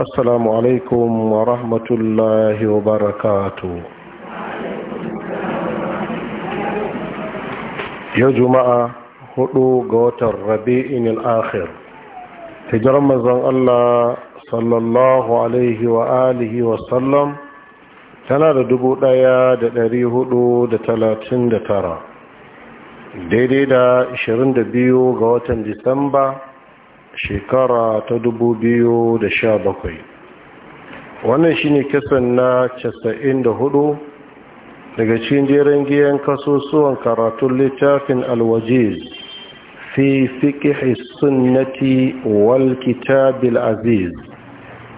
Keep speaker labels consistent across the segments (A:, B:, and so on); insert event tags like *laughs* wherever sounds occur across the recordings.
A: السلام عليكم ورحمة الله وبركاته يا جماعة هدو قوت الربيع الآخر هجر مزن الله صلى الله عليه وآله وسلم tana da dubu ɗaya da ɗari hudu da talatin da tara daidai da ashirin da biyu ga watan disamba shekara ta dubu biyu da sha bakwai. wannan shine kisan na casa'in da hudu daga cikin jerin giyan kasusuwan karatun littafin alwajiz fi fiƙi sunnati wal kitabil aziz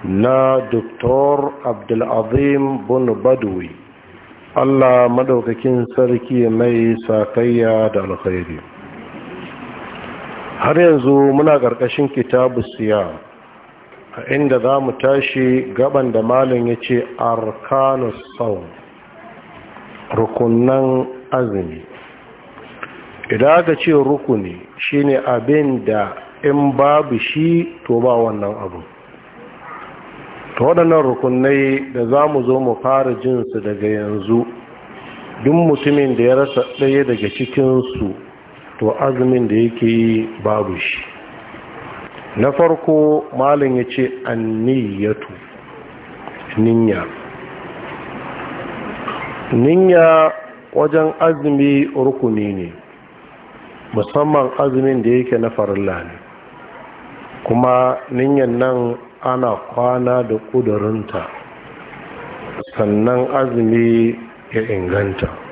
A: na doktor abdulazim bin badawi allah madaukakin sarki mai sakayya da alkhairi har yanzu muna ƙarƙashin kitabu siya a inda za mu tashi gaban da malin ya ce arkanus sau rukunan azumi idan aka ce rukuni shine abin da in babu shi to ba wannan abu ta waɗannan rukunai da za mu zo mu fara jinsu daga yanzu duk mutumin da ya rasa ɗaya daga cikinsu to azumin da yake babu shi na farko malin ya ce anniyatu ninya ninya wajen azumi rukuni ne musamman azumin da yake na farilla ne kuma ninyan nan ana kwana da ƙudurinta sannan azumi ya inganta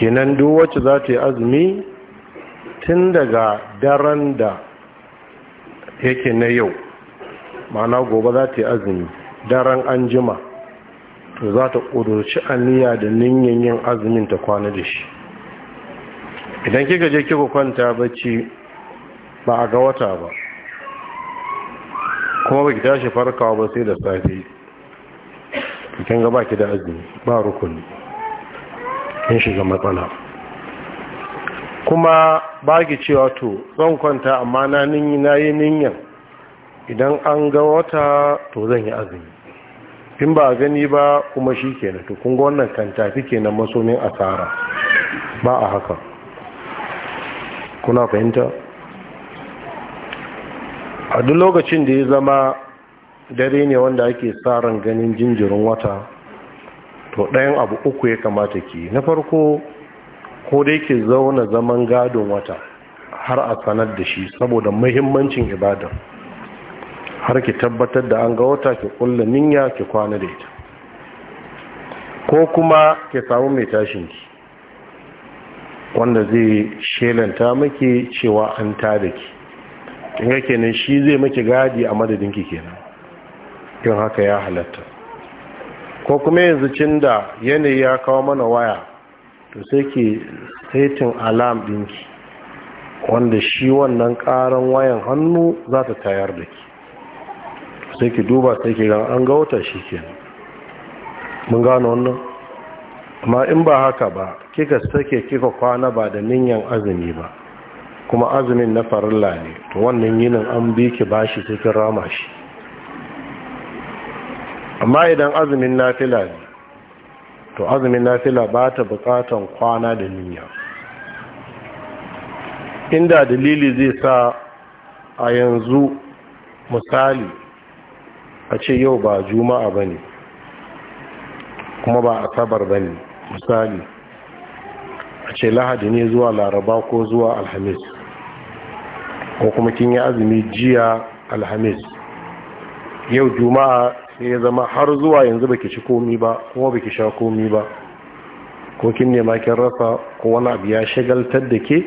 A: kenan duk wacce za ta yi azumi tun daga daren da yake na yau ma'ana gobe za ta yi azumi daren an jima to za ta ƙudurci aniya da ninyin yin azumin ta kwana da shi idan kika je kika kwanta bacci ba a ga wata ba kuma ba ki tashi farkawa ba sai da safe kin gaba ki da azumi ba rukuni an shiga matsala kuma ba ki cewa to zan kwanta amma na yi ninyan idan an ga wata to zan yi azumi in ba gani ba kuma shi kenan na kun wannan kan tafi kenan masomin asara ba a haka kuna fahimta a duk lokacin da ya zama dare ne wanda ake tsarin ganin jinjirin wata to ɗayan abu uku ya kamata ki na farko ko dai ki zauna zaman gadon wata har a sanar da shi saboda mahimmancin ibadar har ki tabbatar da an ga wata ki kulla niyya ki kwana da ita ko kuma ki samu mai tashin ki wanda zai shelanta maki cewa an da ki kin kenan shi zai maki gadi a madadin ki kenan kin haka ya halatta ko kuma yanzu cin da yanayi ya kawo mana waya to sai ke setin alam ɗinki wanda shi wannan ƙaran wayan hannu za ta tayar da ki sai ki duba sai ki gan an ga wata shi kenan mun gano wannan amma in ba haka ba kika sake kika kwana ba da niyan azumi ba kuma azumin na farilla ne to wannan yinin an bi ki bashi cikin rama shi amma idan azumin nafila ne to azumin nafila ba ta bukatan kwana da niyya inda dalili zai sa a yanzu misali a ce yau ba juma'a ba ne kuma ba asabar ba ne misali a ce lahadi ne zuwa laraba ko zuwa alhamis ko kuma kin yi azumi jiya alhamis yau juma'a sai ya zama har zuwa yanzu baki ci komi ba kuma baki sha komi ba ko kin nema kin rasa ko wani abu ya shagaltar da ke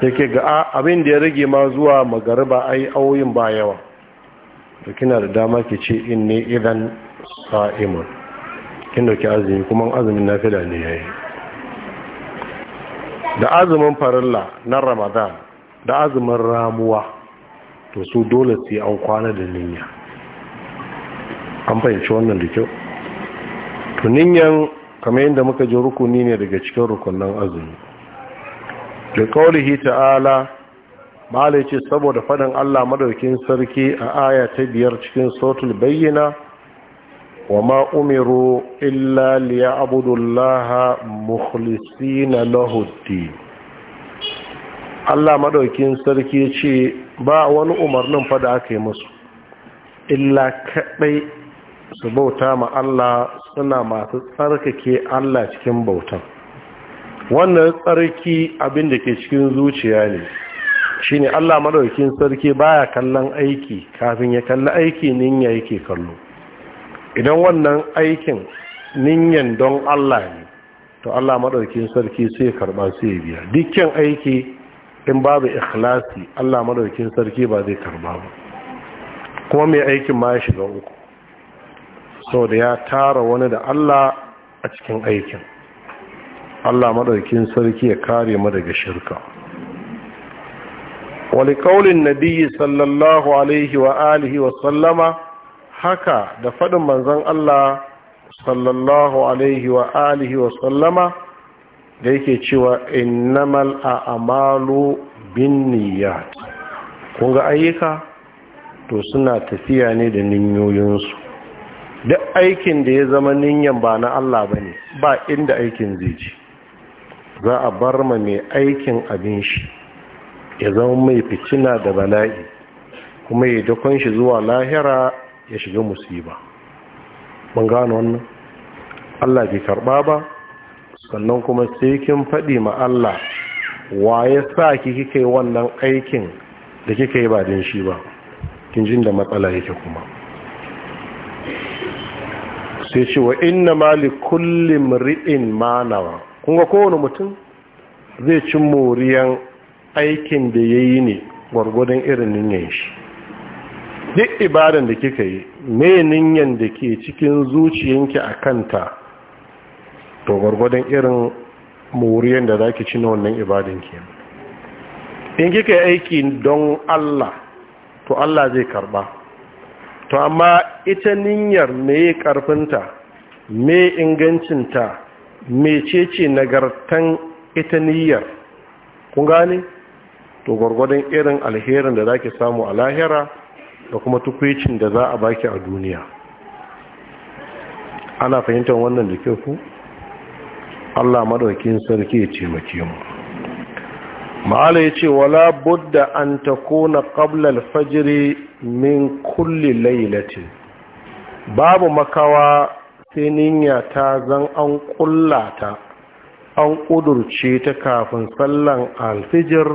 A: sai ke ga ah, abin da ya rage ma zuwa magariba ai auyin ba yawa to kina da dama ki ce in ne idan sa'imun kin dauki azumi kuma azumin nafila ne yayi da azumin farilla na ramadan da azumin ramuwa to su dole sai an kwana da niyya an fahimci wannan da kyau tuninyan kamar yadda muka ji rukuni ne daga cikin rukunan azumi da kaulihi ta'ala mala ce saboda faɗin allah madaukin sarki a aya ta biyar cikin sautul bayyana wa ma umiru illa liya abudullaha na Lahudi. allah madaukin sarki ce ba wani umarnin fada aka yi musu illa kaɗai su bauta ma Allah suna masu tsarkake Allah cikin bautan wannan tsarki abin da ke cikin zuciya ne shi ne Allah maɗaukin sarki baya kallon aiki kafin ya kalli aiki ninya yake kallo idan wannan aikin ninyan don Allah ne to Allah maɗaukin sarki sai karba yi biya dukkan aiki in babu ikhlasi Allah maɗaukin sarki ba zai karba ba kuma mai aikin ma ya shiga uku saboda ya tara wani da Allah a cikin aikin Allah madaukin sarki ya kare mu daga shirka wali kaulin nabi sallallahu alaihi wa alihi wa sallama haka da fadin manzon Allah sallallahu alaihi wa alihi wa sallama da yake cewa innamal a'malu binniyat kun ga ayyuka to suna tafiya ne da ninyoyinsu duk aikin da ya zama ninyan ba na Allah ba ne ba inda aikin zai ji za a bar ma mai aikin abin shi ya zama mai fitina da bala'i kuma ya dakon shi zuwa lahira ya shiga musiba ban gano wannan Allah bai karba ba sannan kuma sai kin faɗi ma Allah wa ya sa ki kika yi wannan aikin da kika yi ba din shi ba kin jin da matsala yake kuma sai ce wa inna mali kulli mri'in manawa kun ga kowane mutum zai ci moriyan aikin da ya yi ne gwargwadon irin ninyan shi duk ibadan da kika yi me ninyan da ke cikin zuciyanki a kanta to gwargwadon irin moriyan da zaki ci na wannan ibadan ke in kika yi aiki don allah to allah zai karba to amma ita niyyar meye karfinta me ingancinta cece nagartan ita niyyar kun gane to gwargwadon irin alherin da zaki samu a lahira da kuma tukwicin da za a baki a duniya ana fahimtar wannan da kyau ku Allah madaukin sarki ya ce maki mu ma'ala ce, wala budda an takuna qabla al-fajr min kulli lailatin babu makawa sai ninya ta zan an kullata an kudurce ta kafin sallan alfijir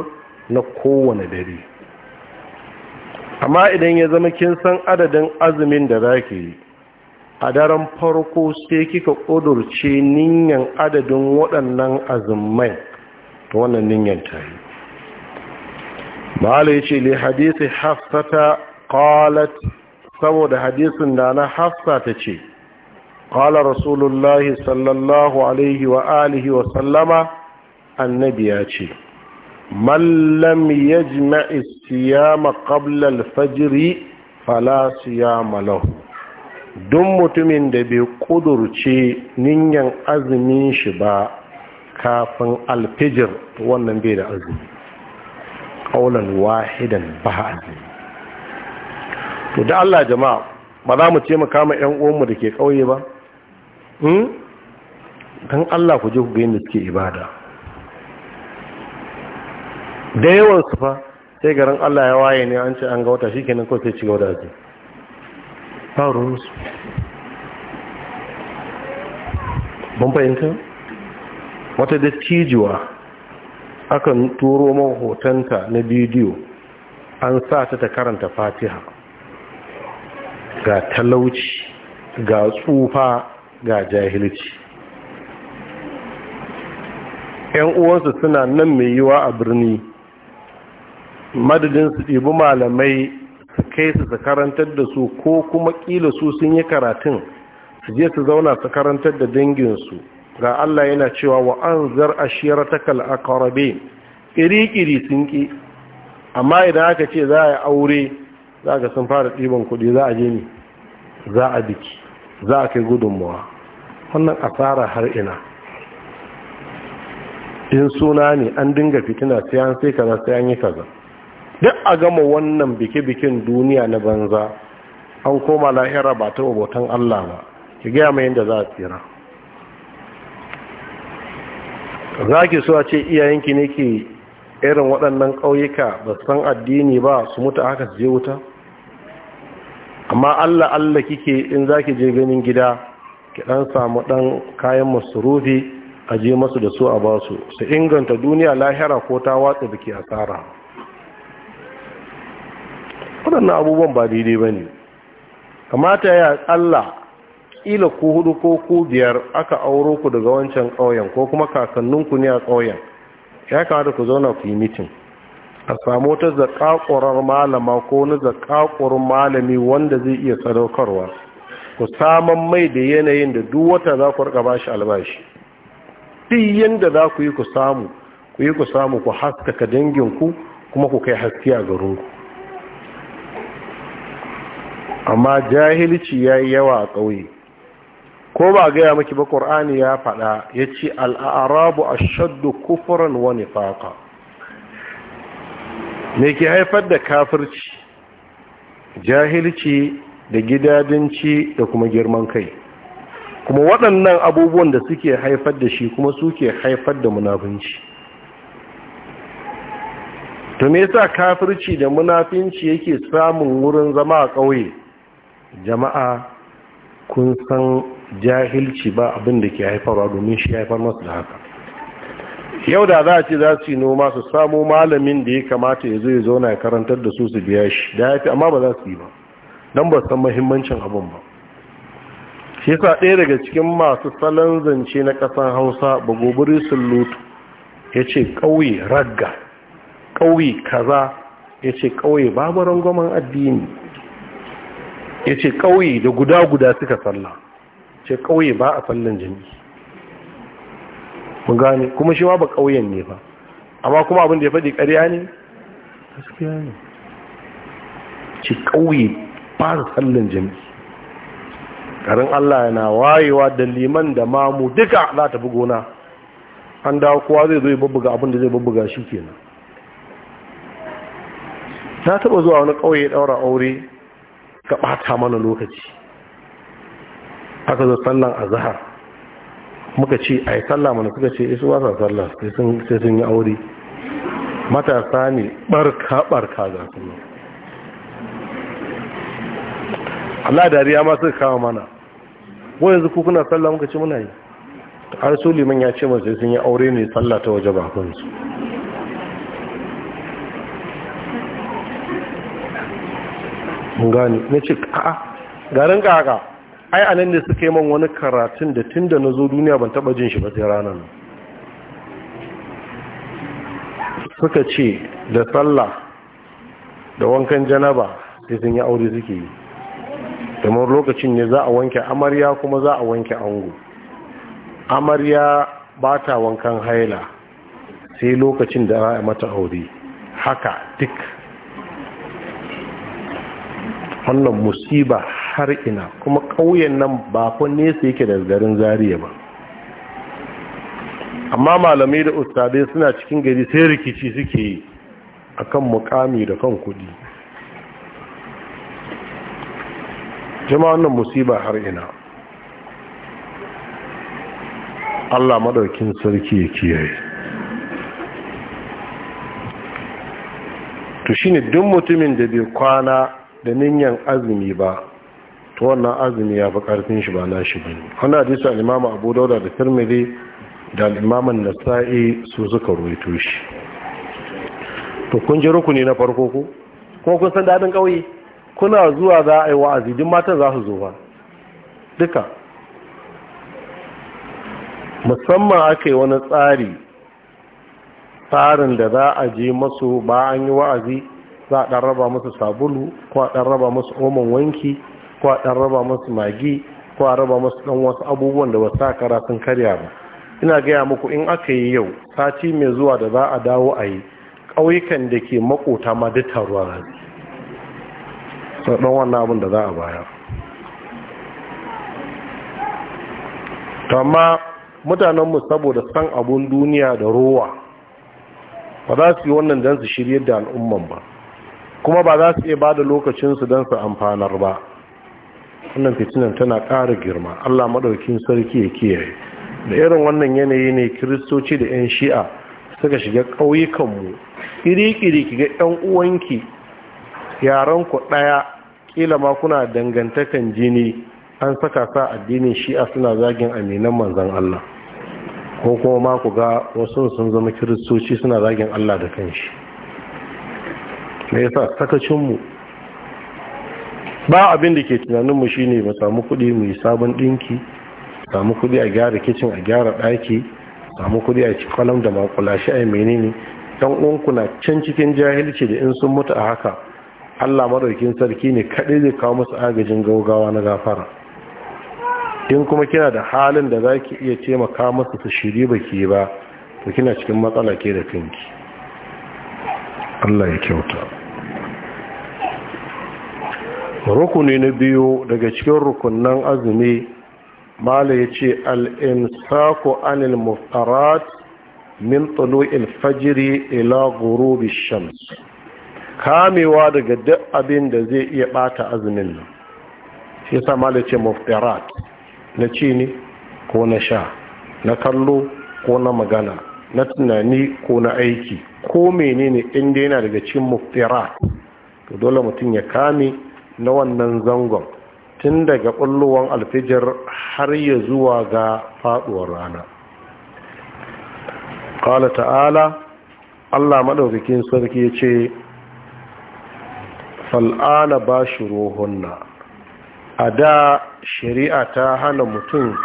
A: na kowane dare amma idan ya zama kin san adadin azumin da ki yi a daren farko sai kika kudurce niyyan adadin waɗannan azumai ta wannan niyan ta yi ma'ala ya ce le hadisi hafsata qalat saboda hadisin da na hafsa ta ce qala rasulullahi sallallahu alaihi wa alihi wa sallama annabi ya ce man lam yajma'i siyama qabla al-fajr fala siyama lahu duk mutumin da bai kudurce ninyan azumin shi ba kafin alfijir wannan bai da azumi kaulan wahidan ba azumi to da Allah jama'a ba za mu ce mu kama ƴan uwanmu da ke ƙauye ba hmm? don Allah ku je ku ga yadda suke ibada da yawan su fa sai garin Allah ya waye ne an ce an ga wata shikenan ko sai gaba da aji ba ruwan su ban fahimta wata da cijiwa akan turo mahotonta na bidiyo an sa ta ta karanta fatiha ga talauci ga tsufa ga jahilci yan uwansu suna nan mai yiwa a birni madadin su ɗibi malamai su kai su karantar da su ko kuma ƙila su sun yi karatun su je su zauna su karantar da danginsu ga Allah yana cewa wa an zar ashiyar ta akarabe iri-iri sun ƙi amma idan aka ce za a yi aure za ka sun fara ɗiban kuɗi za a je ne za a biki za a kai gudunmawa wannan asara har ina in suna ne an dinga fitina siyan sai kaza sai an yi kaza duk a gama wannan biki-bikin duniya na banza an koma lahira ba ta bautan Allah ba ki gaya mai yadda za a tsira za ki so a ce iyayenki ne ke irin waɗannan ƙauyuka ba san addini ba su mutu haka su je wuta amma allah allah kike in zaki je ganin gida ki ɗan samu ɗan kayan masurufi a je masu da su a ba su su inganta duniya lahira ko ta watsa da ke tsara. waɗannan abubuwan ba daidai ba ne kamata ya allah ila ku hudu ko ku biyar aka auro ku daga wancan ƙauyen ko kuma kakanninku ne a ƙauyen ya kamata ku zauna ku yi mitin a samu wata zakakurar malama ko wani zakakurin malami wanda zai iya sadaukarwa ku saman mai da yanayin da duk wata za ku rika bashi albashi duk yanda za ku yi ku samu ku yi ku samu ku haskaka danginku kuma ku kai haske a garinku amma jahilci ya yi yawa a ƙauye ko ba gaya maki ba ƙur'ani ya faɗa ya ce al'arabu a shaddu kufuran wani faƙa me ke haifar da kafirci jahilci da gidadanci da kuma girman kai kuma waɗannan abubuwan da suke haifar da shi kuma suke haifar da munafinci to me yasa kafirci da munafinci yake samun wurin zama a ƙauye jama'a kun san jahilci ba abin da ke haifarwa domin shi haifar masu da haka yau da za a ce za su yi noma su samu malamin da ya kamata ya zo ya zauna ya karantar da su su biya shi da ya fi amma ba za su yi ba don ba san mahimmancin abin ba shi sa ɗaya daga cikin masu salon zance na ƙasar hausa ba gobiri sun lutu ya ce ƙauye ragga ƙauye kaza ya ce ƙauye babu rangwamen addini ya ce ƙauye da guda-guda suka salla ce ƙauye ba a sallan jami'i mun gane kuma shi ma ba ƙauyen ne ba amma kuma abin da ya faɗi ƙarya ne gaskiya ne ci ƙauye ba da tsallin jami garin Allah yana wayewa da liman da mamu duka za ta bugo na, an dawo kowa zai zo ya babbuga abin da zai babbuga shi kenan na taɓa zuwa wani ƙauye ɗaura aure ka ɓata mana lokaci aka zo sallan azahar muka ce a yi sallah mana suka ce isu eh, wasa sallah sai sun yi aure matasa ne barka-barka za su Allah dariya ma suka kama mana wani yanzu ku kuna sallah muka ce muna yi har su liman ya ce masu sun yi aure ne sallah ta waje bakunsu gani na ce a'a garin kaka ai nan ne suka yi man wani karatun da tun da na zo duniya ban taba jin shi ba sai ranar suka ce da sallah da wankan janaba da sun yi aure suke yi kamar lokacin ne za a wanke amarya kuma za a wanke ango amarya ba ta wankan haila sai lokacin da za a mata aure haka duk wannan musiba har ina kuma ƙauyen nan ba fa nesa yake da garin zariya ba amma malamai da ustadai suna cikin gari sai rikici suke yi a kan mukami da kan kudi jama'a wannan musiba har ina Allah maɗaukin sarki ya kiyaye to shine duk mutumin da bai kwana da ninyan azumi ba to wannan azumi ya fi karfin shi ba na shi bane wannan hadisi al-Imam Abu Dawud da Tirmidhi da al nasai su suka ruwaito shi to kun ji rukuni na farko ko kuma kun san dadin kauye kuna zuwa za a yi wa'azi din matan za su zo ba duka musamman aka yi wani tsari tsarin da za a je masu ba an yi wa'azi za a ɗan raba masu sabulu ko a ɗan raba masu omon wanki ko a ɗan raba masu magi ko a raba masu ɗan wasu abubuwan da wasu kara sun karya ba ina gaya muku in aka yi yau sati mai zuwa da za a dawo a yi ƙauyukan da ke makota ma duk taruwa na sau ɗan wannan abin da za a baya. amma mutanenmu saboda san abun duniya da rowa ba za su yi wannan don su shirye da al'umman ba kuma ba za su iya ba da lokacinsu don su amfanar ba wannan fitinan tana ƙara girma allah maɗaukin sarki ya kiyaye da irin wannan yanayi ne kiristoci da 'yan shi'a suka shiga ƙauyukanmu ƙiri-ƙiri kiga 'yan uwanki yaranku ɗaya ƙila ma kuna dangantakan jini an saka sa addinin shi'a suna zagin aminan manzan allah ko kuma ma ku ga wasu sun zama kiristoci suna zagin allah da kanshi me yasa sakacinmu ba abin da ke tunaninmu shine ba samu kuɗi mu yi sabon ɗinki samu kuɗi a gyara kicin a gyara ɗaki samu kuɗi a cikin kwalam da makulashi a menene dan uwanku na can cikin jahilci da in sun mutu a haka Allah madaukin sarki ne kaɗai zai kawo masu agajin gaugawa na gafara in kuma kina da halin da za ki iya taimaka musu su shiri ba ke ba to kina cikin matsala ke da kanki Allah ya kyauta rukuni na biyu daga cikin rukunan azumi mala ya ce al'insaku anil muftarat min tsalo ilfajiri ila gurubi shams kamewa daga duk abin da zai iya bata azumin nan shi sa mala ce muftarat na ci ne ko na sha na kallo ko na magana na tunani ko na aiki ko menene inda yana daga cikin muftarat dole mutum ya kame na wannan zangon tun daga ɓullowan alfijir har ya zuwa ga faɗuwar rana ƙala ta'ala allah maɗaukakin sarki ce fal'ana ba shi rohunna a da shari'a ta hana mutum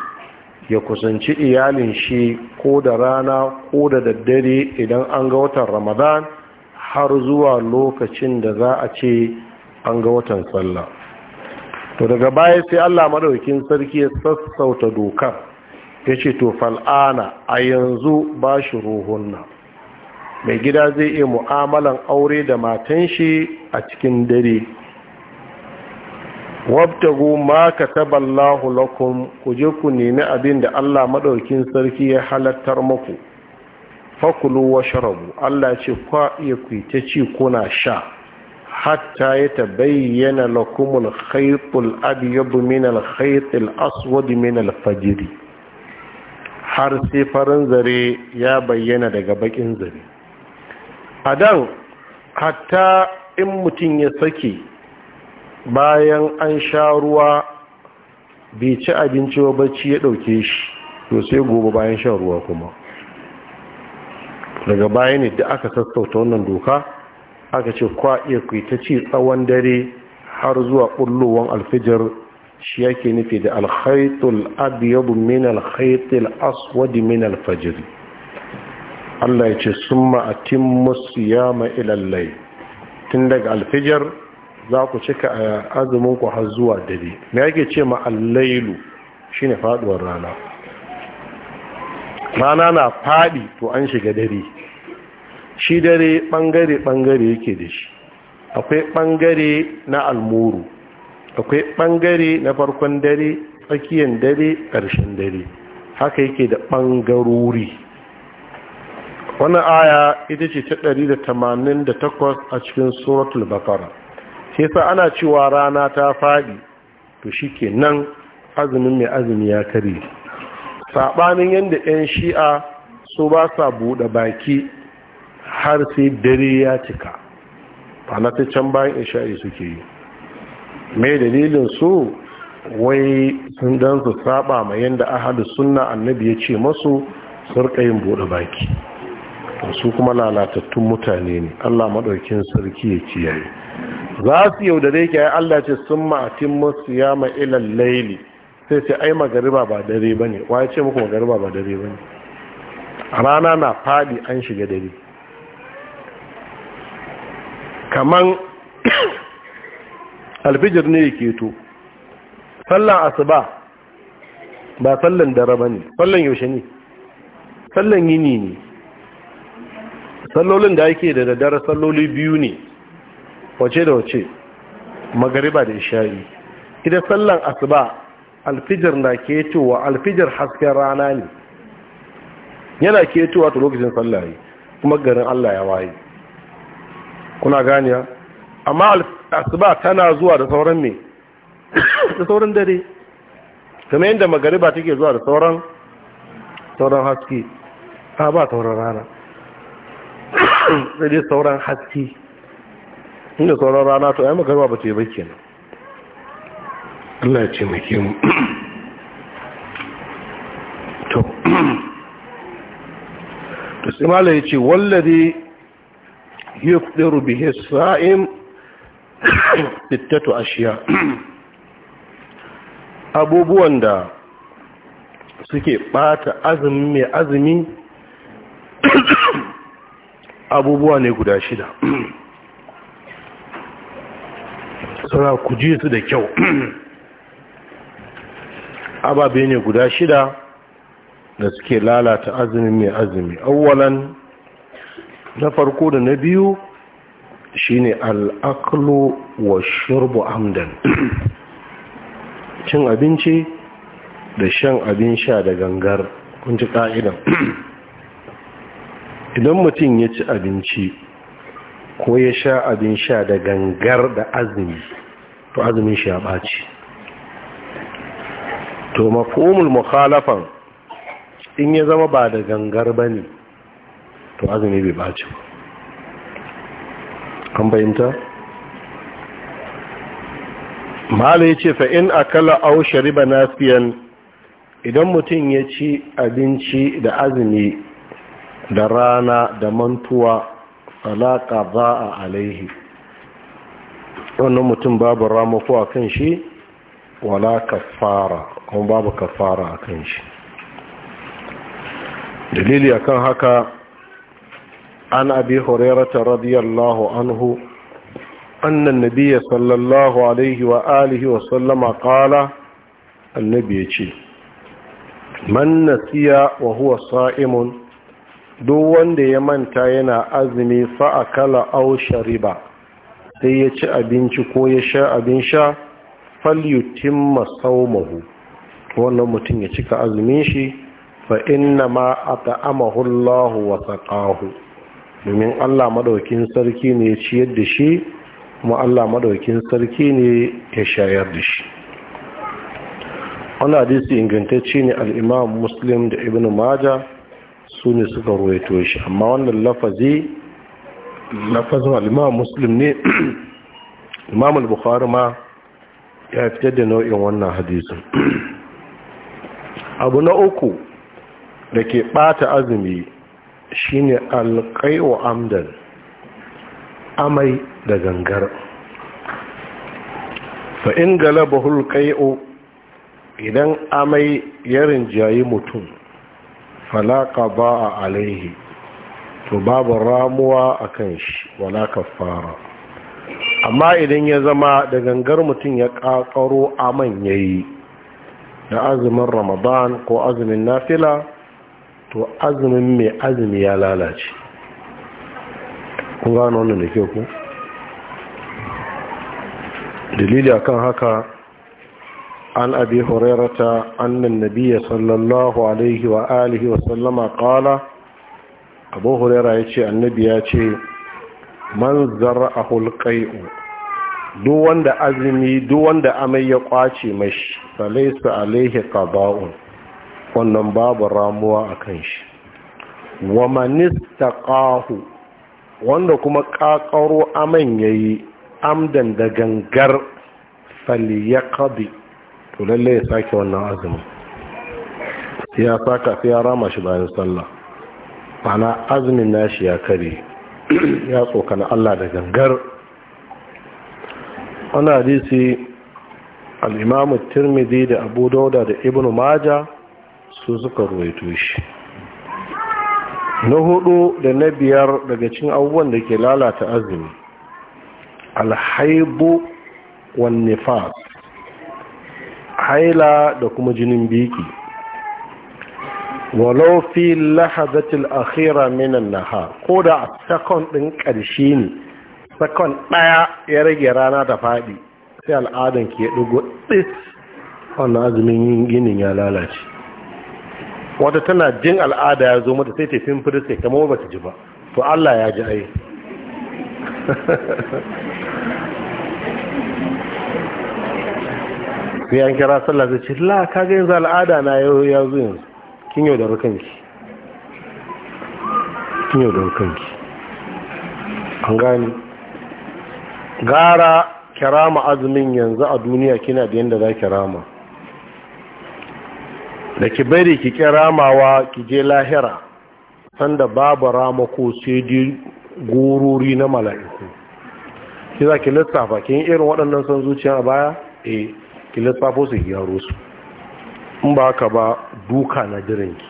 A: ya kusanci iyalin shi ko da rana ko da daddare idan an ga watan ramadan har zuwa lokacin da za a ce an ga watan sallah to daga baya sai Allah madaukakin sarki ya sassauta dokar yace to fal'ana a yanzu ba shi ruhunna mai gida zai iya mu'amalan aure da matan shi a cikin dare wabtagu ma kataballahu lakum ku je ku nemi abin da Allah madaukakin sarki ya halattar muku fakulu washrabu Allah ce kwa iya ku ci kuna sha hatta ya tabayyana lakumul khaytul abyad min al khaytil aswad min al fajr har sai farin zare ya bayyana daga bakin zare adan hatta in mutum ya sake bayan an sha ruwa bai ci abinci ba bacci ya dauke shi to sai gobe bayan shan ruwa kuma daga bayan da aka sassauta wannan doka aka ce kwa iya ku ta ci tsawon dare har zuwa kullowan alfijar shi yake nufi da alkhaitul abyad min alkhaitil aswadi min alfajir Allah ya ce sun ma'atin musu ya ma'ilallai tun daga alfijar za ku cika azumin ku har zuwa dare me yake ce ma al-lailu shine faduwar rana rana na fadi to an shiga dare shi dare ɓangare-ɓangare yake da shi akwai ɓangare na almuru akwai ɓangare na farkon dare tsakiyar dare ƙarshen dare haka yake da ɓangarori wani aya ita ce ta da da tamanin 188 a cikin suratul bakara sai sa ana cewa rana ta faɗi to shi ke nan azumin mai azumi ya kare saɓanin yadda 'yan shi'a su ba sa buɗe baki har sai dare ya cika ana ta can bayan isha'i suke yi mai dalilin su wai sun dan su saba ma yadda ahadu suna annabi ya ce masu surka yin bude baki su kuma lalatattun mutane ne Allah maɗaukin sarki ya kiyaye za su yaudare ki ai Allah ce sun ma'atin musu ya ma laili sai sai ai magariba ba dare ba wa ya ce muku magariba ba dare ba ne rana na faɗi an shiga dare kaman *coughs* alfijir ne yake to sallan asuba ba sallan dare ne sallan yaushe ne sallan yini ne sallolin da ake da daddare salloli biyu ne wace da wace magariba da isha'i idan sallan asuba alfijir na ketowa alfijir hasken rana ne yana ketowa ta lokacin sallaye kuma garin allah ya waye kuna ganiya amma asuba tana zuwa da sauran me da sauran dare kamar yadda magariba take zuwa da sauran sauran haske ta ba sauran rana sai dai sauran haske inda sauran rana to ai magariba ba ta yi bakin Allah ya ce mai mu to to sai malai ce wallazi يفطر به الصائم *coughs* ستة أشياء abubuwan da suke ɓata azumi mai azumi abubuwa ne guda shida suna ku su da kyau ababe ne guda shida da suke lalata azumi mai azumi awwalan na farko da na biyu shine al'aklu wa shurbu amdan cin abinci da shan abin sha da gangar kun ci ka'idan idan mutum ya ci abinci ko ya sha abin sha da gangar da azumi to azumin shi ya ɓaci to mafhumul mukhalafan in ya zama ba da gangar ba ne to azumi bai baci ba kan bayanta mahala ya ce fa'in akala au shariba nasiyan idan mutum ya ci abinci da azumi da rana da mantuwa alaƙa za a alaihi wannan mutum babu ramako a kan shi wala kafara kuma babu kafara a kan shi dalili akan haka عن أبي هريرة رضي الله عنه أن النبي صلى الله عليه وآله وسلم قال النبي يقول من نسي وهو صائم duk wanda ya manta yana azumi fa'akala au shariba sai ya ci abinci ko ya sha abin sha falyutin masaumahu wannan mutum ya cika azumin shi fa inna ma a wa saƙahu domin Allah maɗaukin sarki ne ya ciyar da shi kuma Allah maɗaukin sarki ne ya shayar da shi wani hadisi ingantacce ne al'imam muslim da ibn maja su ne suka ruwaito shi amma wannan lafazi lafazin al'imam muslim ne *clears throat* imam al-bukhari ma ya fitar da nau'in wannan hadisin *clears throat* abu na uku da ke ɓata azumi shine alƙai wa amdan amai da gangar fa in galaba o idan amai ya rinjayi mutum falaka ba a alaihi to babu ramuwa a kan shi wala fara. amma idan ya zama da gangar mutum ya ƙaƙaro aman ya yi da azumin ramadan ko azumin nafila to azumin mai azumi ya lalace kunga gano wannan da ke ku dalili a kan haka an abi horarata annan nabiya sallallahu alaihi wa alihi wa sallama kala abu horara ya ce annabi ya ce man zara a hulƙai'u duwanda azumi duwanda amai ya kwace mashi salaisu alaihi ƙaba'un wannan babu ramuwa a kan shi wa manista ƙahu wanda kuma ƙaƙaro aman ya yi amdan da gangar ƙabi to lalle ya sake wannan azumin ya saka sai ya rama shi bayan sallah ana azumin nashi ya kare *clears throat* ya tsokana Allah da gangar wani hadisi al'imamu tirmidhi da abu dauda da ibn maja su suka ruwaito shi na hudu da na biyar daga cin abubuwan da ke lalata azumi alhaibu wanne fas haila da kuma jinin biki walau fi lahazatil akhira minan naha ko da a sakon din karshe ne sakon daya ya rage rana ta fadi sai al'adun ke dugo dis wannan azumin ginin ya lalace wata tana jin al'ada ya zo mata sai ta fin sai kamar ba ta ji ba to Allah ya ji ai
B: *laughs*
A: sai an kira sallah zai ce la ka ga yanzu al'ada na yau ya zo yanzu kin yau da rukanki kin yau da rukanki an gani gara kirama azumin yanzu a duniya kina da yanda za kirama da ki bari ki kira ramawa ki je lahira sanda babu ramako sai dai gururi na mala'iku ki za ki lissafa kin irin waɗannan san zuciya a baya eh ki lissafo su gyaro su in ba ka ba duka na jiranki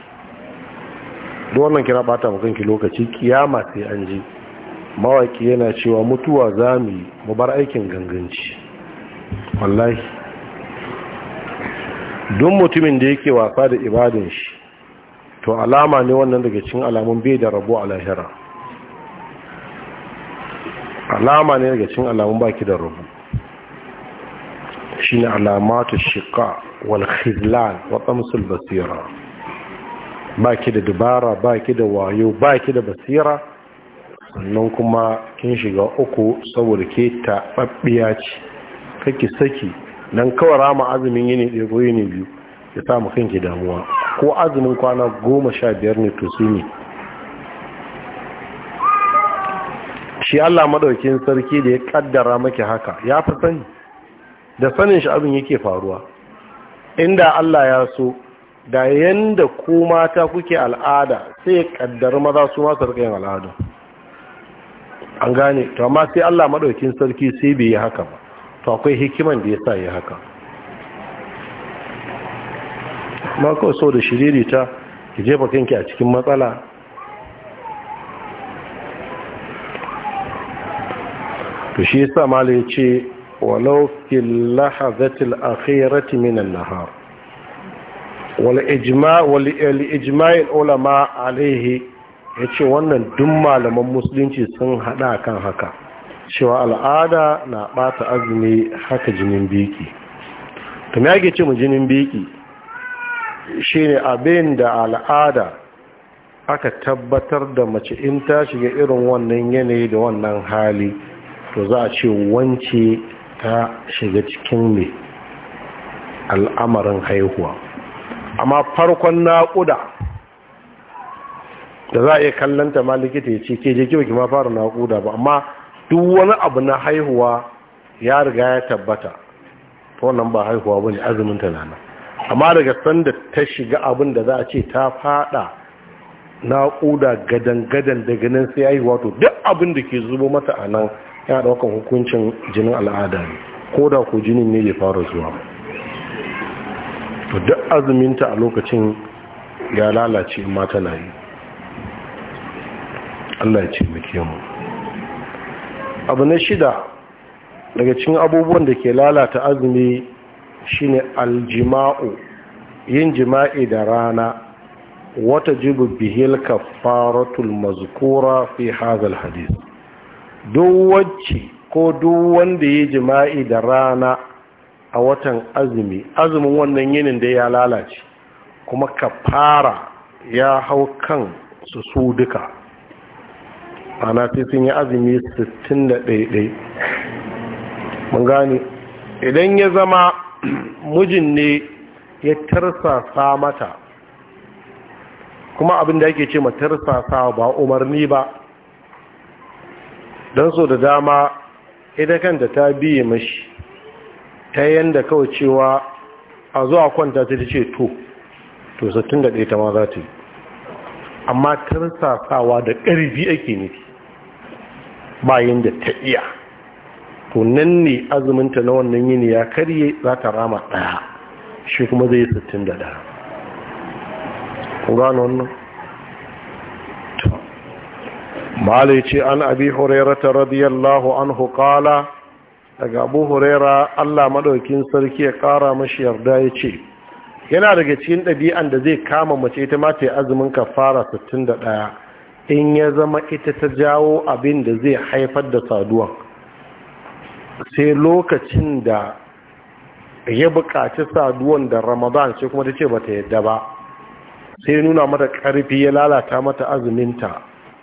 A: don wannan kira bata mu kanki lokaci kiyama sai an ji mawaki yana cewa mutuwa za mu bar aikin ganganci wallahi don mutumin da yake wasa da ibadin shi to alama ne wannan daga cin alamun bai da rabo a lahira alama ne daga cin alamun baki da rabo shine alamatu shiqa wal khizlan wa basira baki da dubara baki da wayo baki da basira sannan kuma kin shiga uku saboda ke taɓaɓɓiya ce kake saki dan kawai rama azumin yini ɗaya ko yini biyu ya sa mu kanki damuwa ko azumin kwana goma sha biyar ne to su ne shi Allah maɗaukin sarki da ya ƙaddara maki haka ya fi sani da sanin shi abin yake faruwa inda Allah ya so da yanda ku mata kuke al'ada sai ya kaddara maza su masu rikayen al'ada an gane to amma sai Allah maɗaukin sarki sai bai yi haka ba to akwai hikiman da ya sa ya haka ma kawai sau da shiriri ta ki jefa kanki a cikin matsala to shi yasa mala ya ce walau fil lahazatil akhirati min an-nahar wal ijma' wal ijma' ulama alayhi yace wannan duk malaman musulunci sun hada kan haka cewa al'ada na bata azumi haka jinin biki kuma yake ce mu jinin biki shine abin da al'ada aka tabbatar da mace in ta shiga irin wannan yanayi da wannan hali to za a ce wance ta shiga cikin mai al'amarin haihuwa amma farkon naƙuda da za a iya kallanta ma likita ya ce ke je kiwa ki ma fara naƙuda ba amma duk wani abu na haihuwa ya riga ya tabbata to wannan ba haihuwa bane azumin ta nana amma daga sanda ta shiga abin da za a ce ta fada naƙuda gadan-gadan daga nan sai haihuwa to duk abin da ke zubo mata a nan ya daukan hukuncin jinin al'ada ne ko da ku jinin ne ya fara zuwa to duk azuminta a lokacin ya lalace mata na yi Allah ya ce mu abu na shida daga cikin abubuwan da ke lalata azumi shine aljima'u yin jima'i da rana wata jibu bihil kafaratul mazkura fi hazal hadis duk wacce ko duk wanda ya jima'i da rana a watan azumi azumin wannan yinin da ya lalace kuma kafara ya hau kan su su duka ana sai sun yi azumi 61 mun gane idan ya zama mijin ne ya tarsasa mata kuma abin da yake ce ma tarsasa ba umarni ba don so da dama ita kanta ta biye mashi ta yanda kawai cewa a zuwa kwanta ta ce to to 61 ta ma za ta yi amma tarsasawa da ƙarfi ake nufi bayan da ta iya tunan ne azuminta na wannan yini ya karye za ta rama ɗaya shi kuma zai sittin da ɗaya ku wannan malai ce an abi hurairata radiyallahu an hukala daga abu hurera allah maɗaukin sarki ya ƙara mashi yarda ya ce yana daga cikin ɗabi'an da zai kama mace ita ma ta yi azumin kafara 61 in ya zama ita ta jawo abin da zai haifar da saduwan sai lokacin da ya buƙaci saduwan da ramadan sai kuma ta ce ba ta yadda ba sai nuna mata ƙarfi ya lalata mata azuminta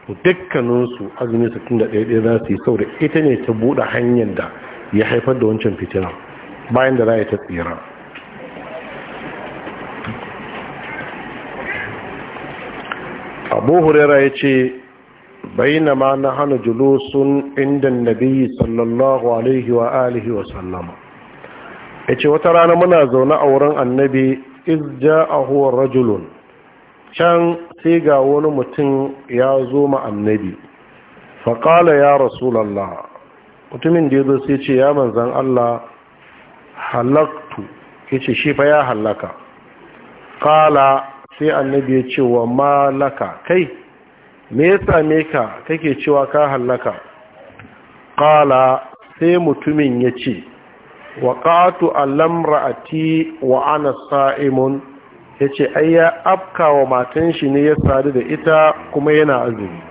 A: dukkaninsu azumin 61 za su yi sau da ita ne ta buɗe hanyar da ya haifar da wancan fitina bayan da za ta tsira abu huraira ya ce ma na hana julusun inda nabi sallallahu alaihi wa alihi wa sallama ya ce wata rana muna zaune a wurin annabi izja a huwar rajulun can sai ga wani mutum ya zo ma annabi faƙala ya rasulallah mutumin da ya zo sai ce ya manzan Allah halaktu ya ce shi fa ya halaka ƙala sai annabi ya ce wa malaka kai me ya same ka kake cewa ka hallaka kala sai mutumin ya ce wa qatu alamraati wa ana sa'imun ce, ai ya afka wa matan shi ne ya sadu da ita kuma yana azumi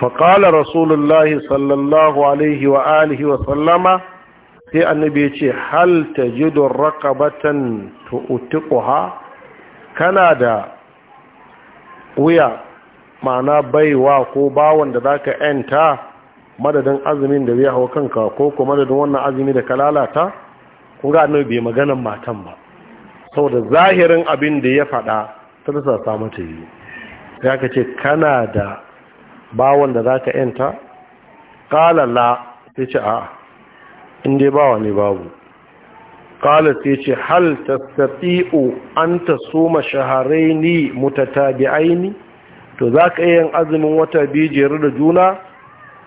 A: faƙala rasulullahi sallallahu alaihi wa alihi wa sallama sai annabi ya ce hal ta jidon rakabatan ha kana da wuya ma'ana baiwa ko bawon da za ka yanta madadin azumin da zai hau kanka ko ko madadin wannan azumi da ka lalata kun ga annabi bai maganan matan ba saboda zahirin abin da ya faɗa ta da sa mata yi ya ka ce kana da bawon da za ka yanta ƙalala sai ce a inda bawa ne babu kala sai ce hal tasafi'u an ta soma shaharaini mutatabi'aini to za ka yin azumin wata biyu jere da juna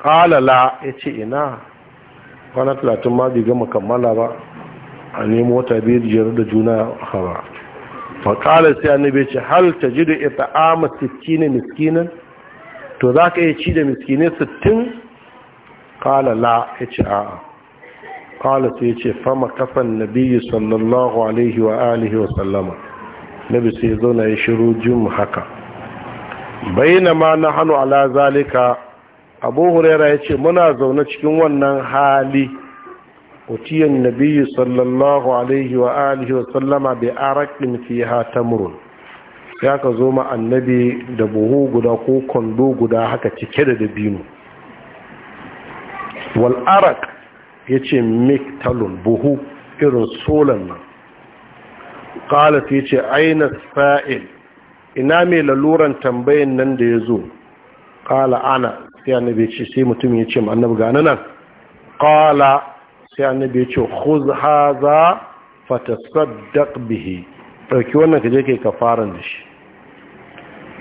A: kala la ya ce ina kwana talatin ma bai gama kammala ba a nemo wata biyu jere da juna hawa faƙala sai annabi ce hal ta ji da ita ama sittini miskinan to za ka iya ci da miskinai sittin kala la ya ce a'a kala sai ce fama kafan nabiyyu sallallahu alaihi wa alihi wa sallama nabi sai zauna ya shiru jin haka bainama na hannu ala zalika abu huraira ya ce muna zaune cikin wannan hali utiyan nabiyyu sallallahu alaihi wa alihi wa sallama bi araqin fiha tamrun ya ka zo ma annabi da buhu guda ko kwando guda haka cike da dabino wal ya ce miktalun buhu irin solan nan ƙalat ya ce aina sa'il ina mai laluran tambayin nan da ya zo ƙala ana sai annabi ce sai mutum ya ce annabi gane nan ƙala sai annabi ya ce khuz haza fatasaddaq bihi ɗauki wannan ka je ka ka kafaran da shi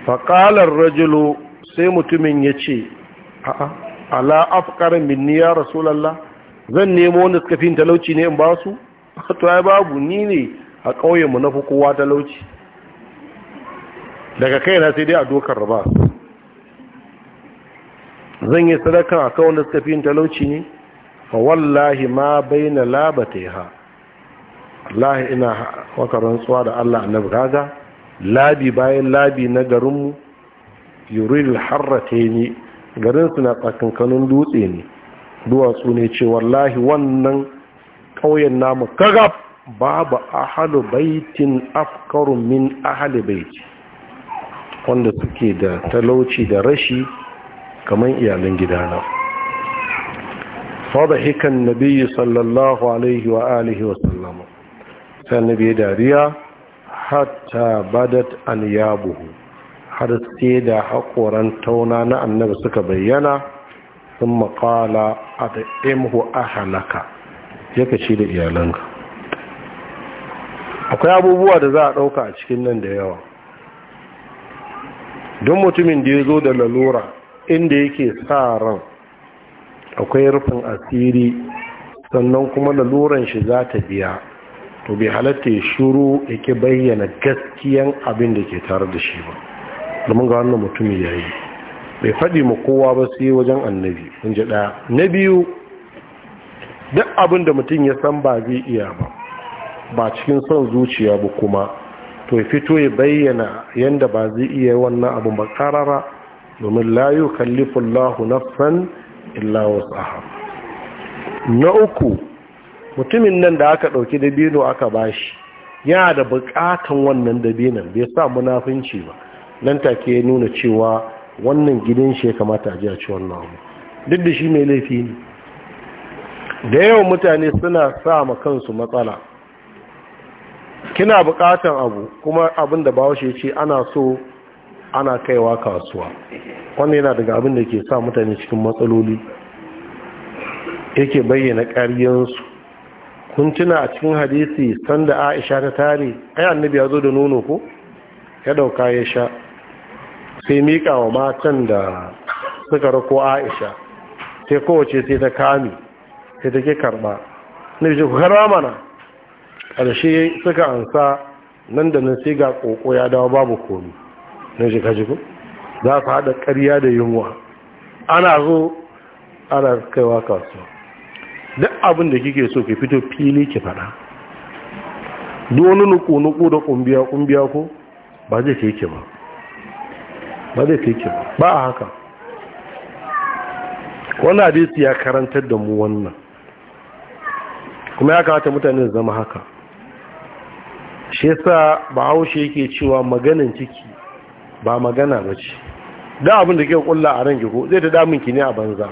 A: faƙalar rajulu sai mutumin ya ce a'a ala afkar minni ya rasulallah zan nemo wanda suka fi talauci ne in ba su *laughs* to ya babu ni ne a ƙauyenmu na fi kowa talauci daga kaina sai dai a dokar ba zan yi sadaka a kawon da suka fi talauci ne fa wallahi ma bai na labata ha wallahi ina waka rantsuwa da allah annabi gaga labi bayan labi na garinmu yuril harrate ne garinsu na tsakankanin dutse ne duwatsu ne ce wallahi wannan ƙauyen namu kagab babu ahalu baitin afkaru min ahali baiti wanda suke da talauci da rashi kamar iyalan gidana hikan nabiyyu sallallahu alaihi wa alihi wa sallam sai nabi dariya hatta badat anyabuhu har sai da haƙoran tauna na annabi suka bayyana sun maƙala at'imhu ahalaka ya da iyalanka akwai abubuwa da za a ɗauka a cikin nan da yawa don mutumin da ya zo da lalura inda yake sa ran akwai rufin asiri sannan kuma laluran shi za ta biya to bai halatta ya shuru ya bayyana gaskiyan abin da ke tare da shi ba domin ga wannan mutumin yayi bai faɗi ma kowa ba sai wajen annabi in ji ɗaya na biyu duk abin da mutum ya san ba zai iya ba ba cikin son zuciya ba kuma to ya fito ya bayyana yadda ba zai iya wannan abin ba karara domin layu na nafsan illa wasaha na uku mutumin nan da aka ɗauki dabino aka bashi ya da bukatan wannan dabinan bai sa munafinci ba nan take ya nuna cewa wannan gidan shi ya kamata a jiya ci wannan abu duk da shi mai laifi ne da yawan mutane suna sa ma kansu matsala kina bukatan abu kuma abin da washe ce ana so ana kaiwa kasuwa wannan yana daga abin da ke sa mutane cikin matsaloli yake bayyana ƙaryansu kun tuna a cikin hadisi sanda aisha ta tare ai annabi ya zo da nono ko ya dauka ya sha sai miƙa wa matan da suka rako aisha sai kowace sai ta kami sai ta ke karɓa na bishe ku karɓa mana ƙarshe suka ansa nan da nan sai ga ƙoƙo ya dawo babu komi na bishe kaji ku za su haɗa ƙarya da yunwa ana zo ana kaiwa kasuwa duk abin da kike so ki fito fili ki faɗa duk wani nuku-nuku da ƙumbiya-ƙumbiya ko ba zai ke ba ba zai fi ba a haka wannan hadisi ya karantar da mu wannan kuma ya kamata mutane zama haka shi yasa bahaushe yake cewa maganin ciki ba magana ba ce da abin da ke kulla a ran ko zai ta damun ki ne a banza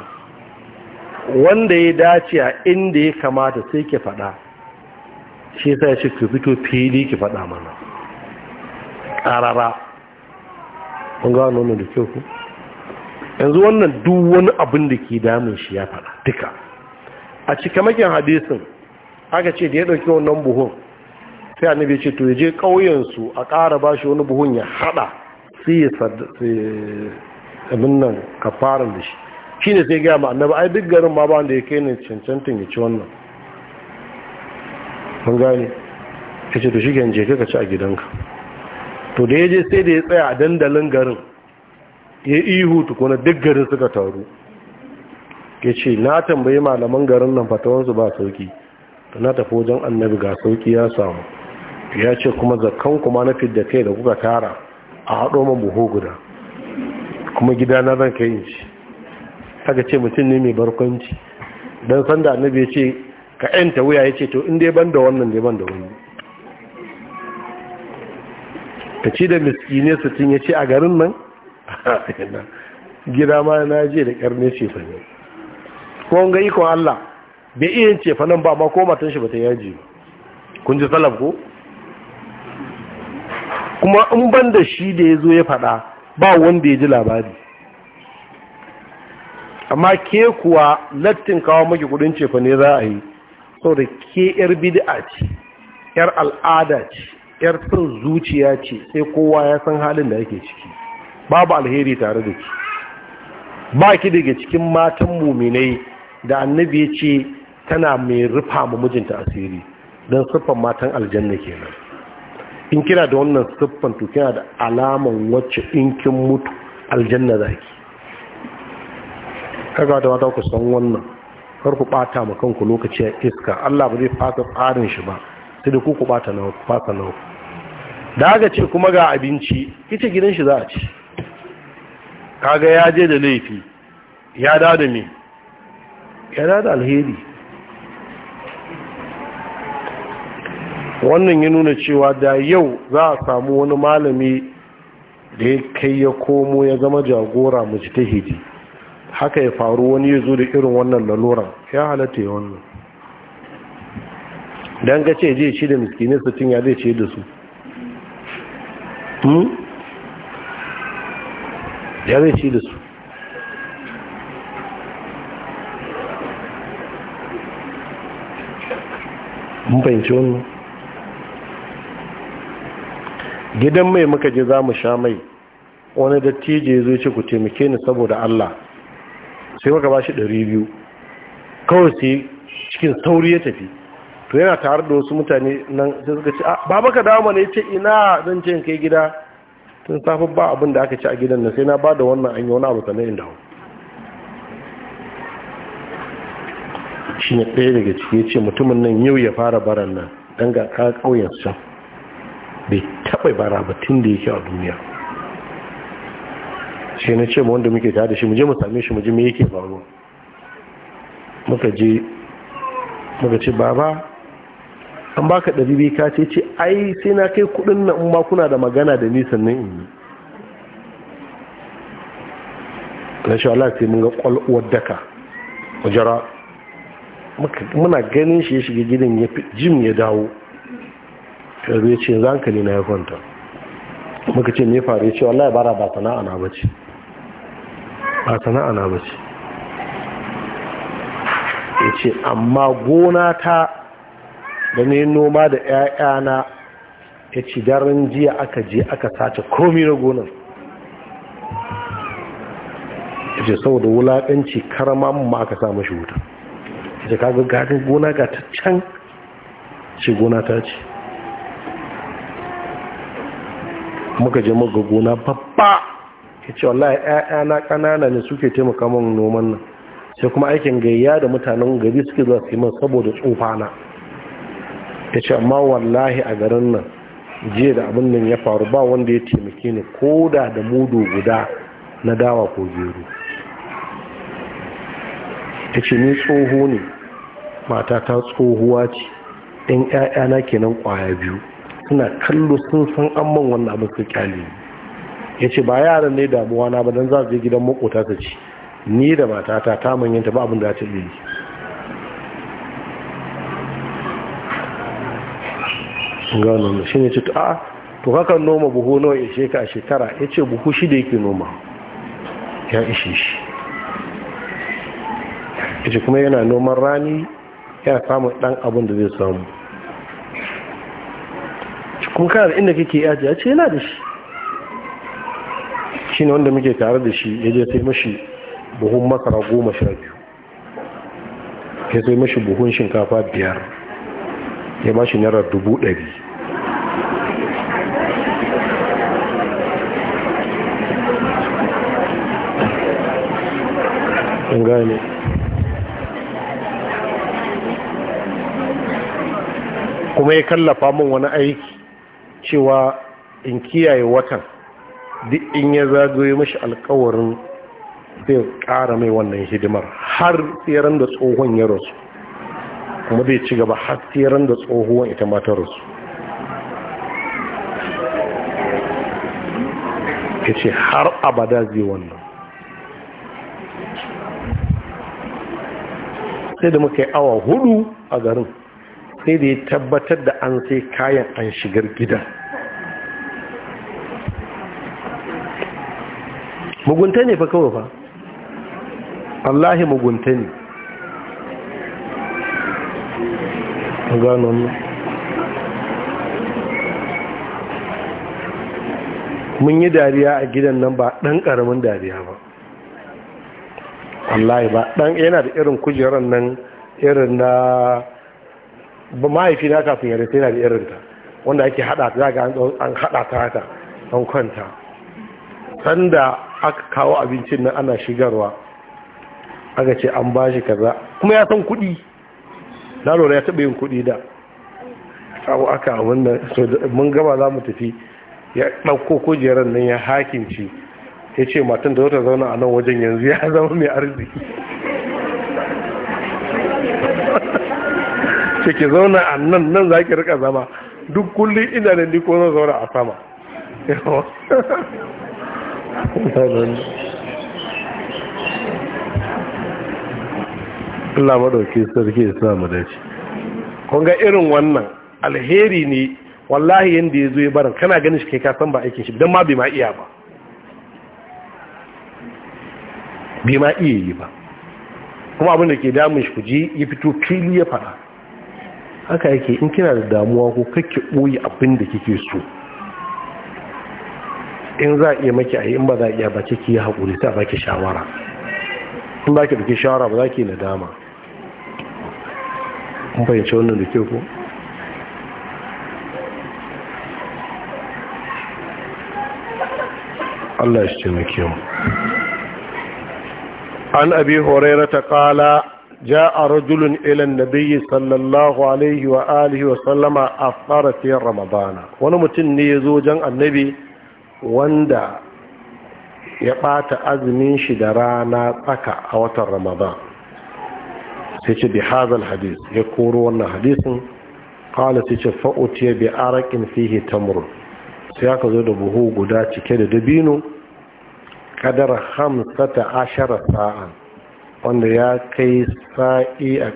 A: wanda ya dace a inda ya kamata sai ke faɗa shi yasa ya ce ki fito fili ki faɗa mana ƙarara an gano wannan da kyau ku yanzu wannan duk wani abin da ke damun shi ya faɗa duka a cikamakin hadisin aka ce da ya ɗauki wannan buhun sai nabi ce to ya je ƙauyensu a ƙara ba shi wani buhun ya haɗa sai ya abin nan kafaran da shi shi ne sai gaya ma annabi ai duk garin ma ba wanda ya kai ne cancantin ya ci wannan mun gane ka ce to shi ke je ka ci a gidanka to da ya je sai da ya tsaya a dandalin garin ya ihu tukuna duk garin suka taru ya ce na tambayi malaman garin nan fatawansu ba sauki na tafi wajen annabi ga sauki ya samu ya ce kuma zakan kuma na fidda kai da kuka tara a haɗo ma buhu guda kuma gida na zan kai inci haka ce mutum ne mai barkwanci don sanda annabi ya ce ka yanta wuya ya ce to in dai ban da wannan dai ban da wani ka ci da miskine su ya ce a garin nan gida ma na je da ƙarni ce ne ko ga ikon Allah bai iya ce ba ma ko matan shi ba ta yaji kun ji salaf ko kuma in ban da shi da ya zo ya faɗa ba wanda ya ji labari amma ke kuwa lattin kawo maki kudin cefa ne za a yi sau da ke yar bid'a ce yar al'ada ce yar son zuciya ce sai kowa ya san halin da yake ciki babu alheri tare da ki ba ki daga cikin matan muminai da annabi ya ce tana mai rufa ma mijinta asiri don siffan matan aljanna kenan in kina da wannan siffan to kina da alaman wacce in kin mutu aljanna za ki kaga da wata ku san wannan kar ku bata ma kanku lokaci a iska Allah ba zai fasa tsarin shi ba sai da ku ku bata nawa ku fasa nawa da aka ce kuma ga abinci ita gidan shi za a ci kaga ya je da laifi ya da da me ya da da alheri wannan ya nuna cewa da yau za a samu wani malami da ya kai ya komo ya zama jagora mu ji ta hidi haka ya faru wani ya zo da irin wannan laluran ya halatta ya wannan don ga ce je shi da miskinin su cin ya zai ce da su Hmm? ya ci da su gidan mai muka je za mu sha mai wani dattijo ya zo ce ku taimake ni saboda Allah sai muka ba shi biyu kawai sai cikin sauri ya tafi to yana tare da wasu mutane nan sai suka ce ah, baba baka dawo mana yace ina zan ce kai gida tun safi ba abin da aka ci a gidan nan sai na bada wannan an yi wani abu sannan in Shi ne ɗaya daga ciki ya ce mutumin nan yau ya fara baran nan dan ga ka ƙauyen can bai taɓa bara ba tun da yake a duniya shi na ce ma wanda muke tare da shi muje mu same shi muje me yake faruwa muka je muka ce baba an baka ɗari biyu ka ce ce ai sai na kai kuɗin na in ba kuna da magana da ni sannan in yi na shi Allah sai mun ga ƙwal'uwar daka wajara muna ganin shi ya shiga gidan ya fi jim ya dawo yanzu ya ce ne na ya kwanta muka ce me faru ya ce ya bara ba sana'a na bace ba sana'a na bace ya ce amma gona ta da ne noma da 'ya'yana ya ci daren jiya aka je aka sace komi na gonar ya ce saboda wulaƙanci karamar ma aka samu shi wuta ya ce kaga gajin gona ga ta can ce gona ta ce muka je muka gona babba ya ce wallahi 'ya'yana ƙanana ne suke taimaka min noman nan sai kuma aikin gayya da mutanen gari suke zuwa su yi saboda tsofana ta ce amma wallahi a garin nan jiya da abin nan ya faru ba wanda ya taimake ni ko da da mudu guda na dawa ko jeru. ta ce ni tsoho ne mata ta tsohuwa ce ɗan 'ya'yana kenan ƙwaya biyu suna kallo sun san amman wannan abin su kyale ya ce ba yaran ne damuwa na ba don za su je gidan makota ta ce ni da matata ta manyanta ba abin da ta ɗaya gano shi ne ce a to haka noma buhu nawa ishe ka a shekara ya ce buhu shida yake noma ya ishe shi ya ce kuma yana noman rani yana samun dan abin da zai samu kuma kana da inda kake yaji ya ce yana da shi shi ne wanda muke tare da shi ya je sai mashi buhun makara goma sha biyu ya sai mashi buhun shinkafa biyar ya ba shi naira dubu ɗari an gane kuma ya kallafa min wani aiki cewa in kiyaye watan duk in ya zagaye mashi alkawarin zai ƙara mai wannan hidimar har tseren da tsohon ya rasu kuma zai ci gaba har tseren da tsohon ita mata rasu ya ce har abada zai wannan sai da muka yi awa hudu a garin sai da ya tabbatar da an sai kayan an shigar gida mugunta ne fa kawai fa Allahi mugunta ne mun yi dariya a gidan nan ba ɗan ƙaramin dariya ba wallahi ba dan yana da irin kujerar nan irin na mahaifi na kafin yare sai yana da irin ta wanda ake hada ta ga an hada ta haka an kwanta sanda aka kawo abincin nan ana shigarwa aka ce an bashi kaza kuma ya san kuɗi na lura ya taɓa yin kuɗi da abu aka abin da mun gaba za mu tafi ya ɗauko kujerar nan ya hakinci ya ce matan da wata zauna a nan wajen yanzu ya zama mai arziki ce ke zauna a nan nan za ki rika zama duk kullum ina da niko zan zauna a sama Allah maɗauki sarki islamu da shi kunga irin wannan alheri ne wallahi yadda ya zo ya barin kana ganin shi kai kasan ba aikin shi don ma bai ma iya ba bai ma iya yi ba kuma abinda ke damun shi kuji ya fito fili ya fada haka yake in kina da damuwa ko kake ɓoye abin da kike so in za a iya maki a yi in ba za a iya ba kike yi haƙuri ta ki shawara in ba ki da shawara ba za ki nadama kun fahimci wannan da ke ko Allah shi taimake mu an abi hurairata qala jaa rajulun ila an-nabiy sallallahu alaihi wa alihi wa sallama afara fi ramadana wani mutum ne yazo jan annabi wanda ya ɓata azumin shi da rana tsaka a watan ramadan sai ce bi hadal hadis ya koro wannan hadisin qala sai ce fa'utiya bi araqin ta tamr sai aka zo da buhu guda cike da dabino kadar hamsata ashara sa'an wanda ya kai sa'i a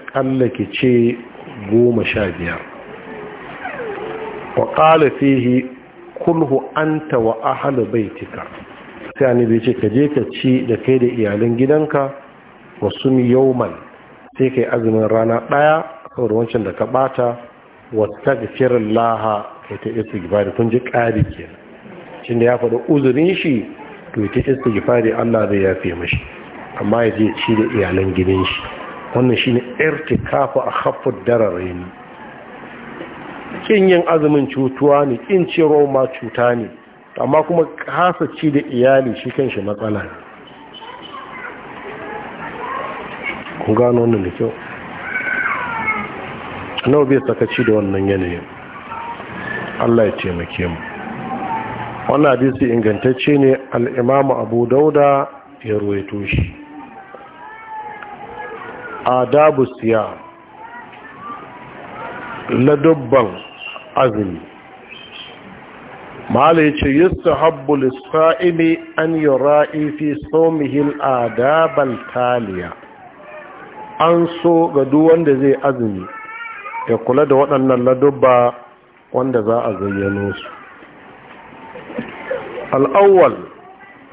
A: ki ce goma sha biyar wa ƙala fihi kulhu anta wa ahalu baitika sai bai ce ka je ka ci da kai da iyalan gidanka wa yau man sai ka yi azumin rana ɗaya saboda wancan da ka bata wa laha kai ta isa gibari tun ji ƙari ke shi da ya faɗi uzurin shi to ya ta istighfari Allah zai yafe mashi amma ya je ci da iyalan gidan shi wannan shine irtikafu a khaffud dararain kin yin azumin cutuwa ne kin ciro ma cuta ne amma kuma kasa ci da iyali shi kanshi matsala ne kun gano wannan da kyau nawa bai sakaci da wannan yanayin Allah ya ce
B: mu
A: wannan hadisi ingantacce ne al'imamu abu dauda ya ruwaito shi adabu siya ladubban azumi malai ya ce yi su habbul an yi ra'i fi somihin adaban taliya an so ga wanda zai azumi ya kula da waɗannan ladubba wanda za a zayyano su al'awwal